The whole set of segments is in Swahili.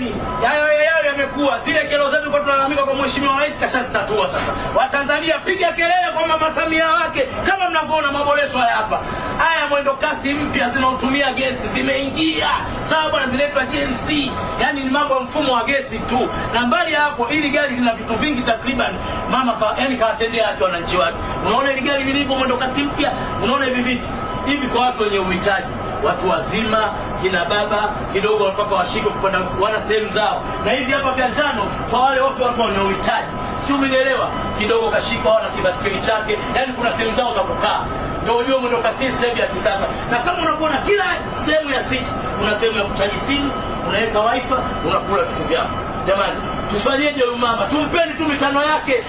Jamani, yayo yayo yamekuwa zile kero zetu kwa tunalalamika kwa mheshimiwa rais kashazitatua. Sasa Watanzania, piga kelele kwa mama Samia wake, kama mnavyoona maboresho haya hapa. Haya mwendo kasi mpya zinaotumia gesi zimeingia, sababu bwana, zinaitwa GNC, yaani ni mambo ya mfumo wa gesi tu. Na mbali hapo, ili gari lina vitu vingi takriban, mama ka, yani kawatendea haki wananchi wake. Unaona ile gari lilivyo, mwendo kasi mpya, unaona hivi vitu hivi kwa watu wenye uhitaji watu wazima, kina baba kidogo mpaka washike kupanda wana sehemu zao, na hivi hapa vya njano kwa wale watu watu wanaohitaji, sio umeelewa? Kidogo kashika wana kibasikeli chake, yani kuna sehemu zao za kukaa ndio ujue kasi sehemu ya kisasa. Na kama unakuona kila sehemu ya city kuna sehemu ya kuchaji simu, unaweka wifi, unakula vitu vyako. Jamani, tufanyeje huyu mama? Tumpeni tu mitano yake,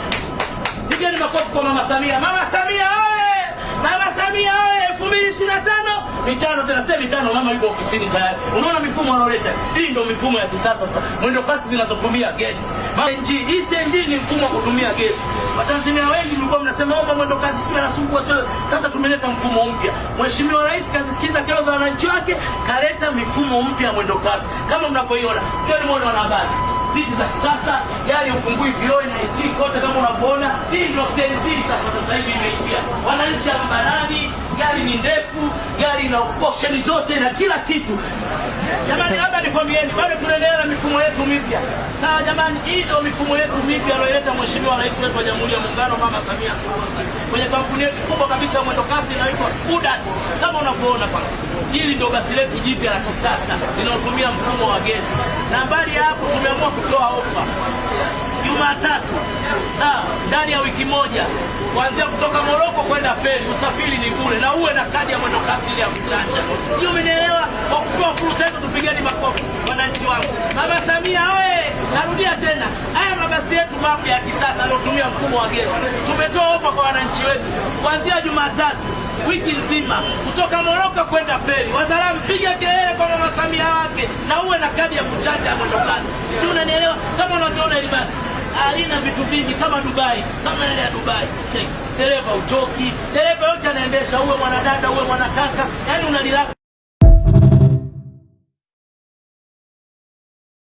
pigeni makofi kwa mama Samia. Mama Samia! mitano tena sasa mitano, mama yuko ofisini tayari. Unaona mifumo wanaoleta hii, ndio mifumo ya kisasa sasa, mwendo kasi zinazotumia gesi. CNG ni mfumo wa kutumia gesi. Watanzania wengi mlikuwa mnasema mama mwendo kasi sio anasumbua, sio. Sasa tumeleta mfumo mpya. Mheshimiwa Rais kazisikiza kero za wananchi wake, kaleta mifumo mpya ya mwendo kasi kama mnavyoiona. Twende muone wanahabari siti za kisasa, gari ufungui vioo na AC kote kama unavyoona. Hii ndio CNG sasa, sasa hivi imeingia wananchi ambarani, gari ni ndefu gari na opsheni zote na kila kitu. Jamani, labda nikwambieni, bado tunaendelea na mifumo yetu mipya. Sawa jamani, hii ndio mifumo yetu mipya aliyoleta Mheshimiwa Rais wetu wa Jamhuri ya Muungano Mama Samia Suluhu Hassan kwenye kampuni yetu kubwa kabisa ya mwendokasi inaitwa UDAT kama unavyoona pale. Hili ndio basi letu jipya la kisasa linalotumia mfumo wa gesi, na mbali ya hapo tumeamua kutoa ofa Jumatatu, sawa, ndani ya wiki moja, kuanzia kutoka Moroko kwenda Feri, usafiri ni bure na uwe na kadi ya mwendokasi ya kuchanja, sio? Umenielewa? Kwa kupewa fursa hizo, tupigeni makofi wananchi wangu. Mama Samia oye! Narudia tena, haya mabasi yetu mapya ya kisasa yanayotumia mfumo wa gesi, tumetoa ofa kwa wananchi wetu kuanzia Jumatatu wiki nzima kutoka Moroko kwenda Feri. Wazalamu, piga kelele kwa mama Samia wake na uwe na kadi ya kuchanja mwendokasi, sio? unanielewa? Kama unavyoona ile basi alina vitu vingi kama Dubai, kama ile ya Dubai. Cheki dereva uchoki, dereva yote anaendesha, uwe mwanadada uwe mwanakaka, yani unalilaka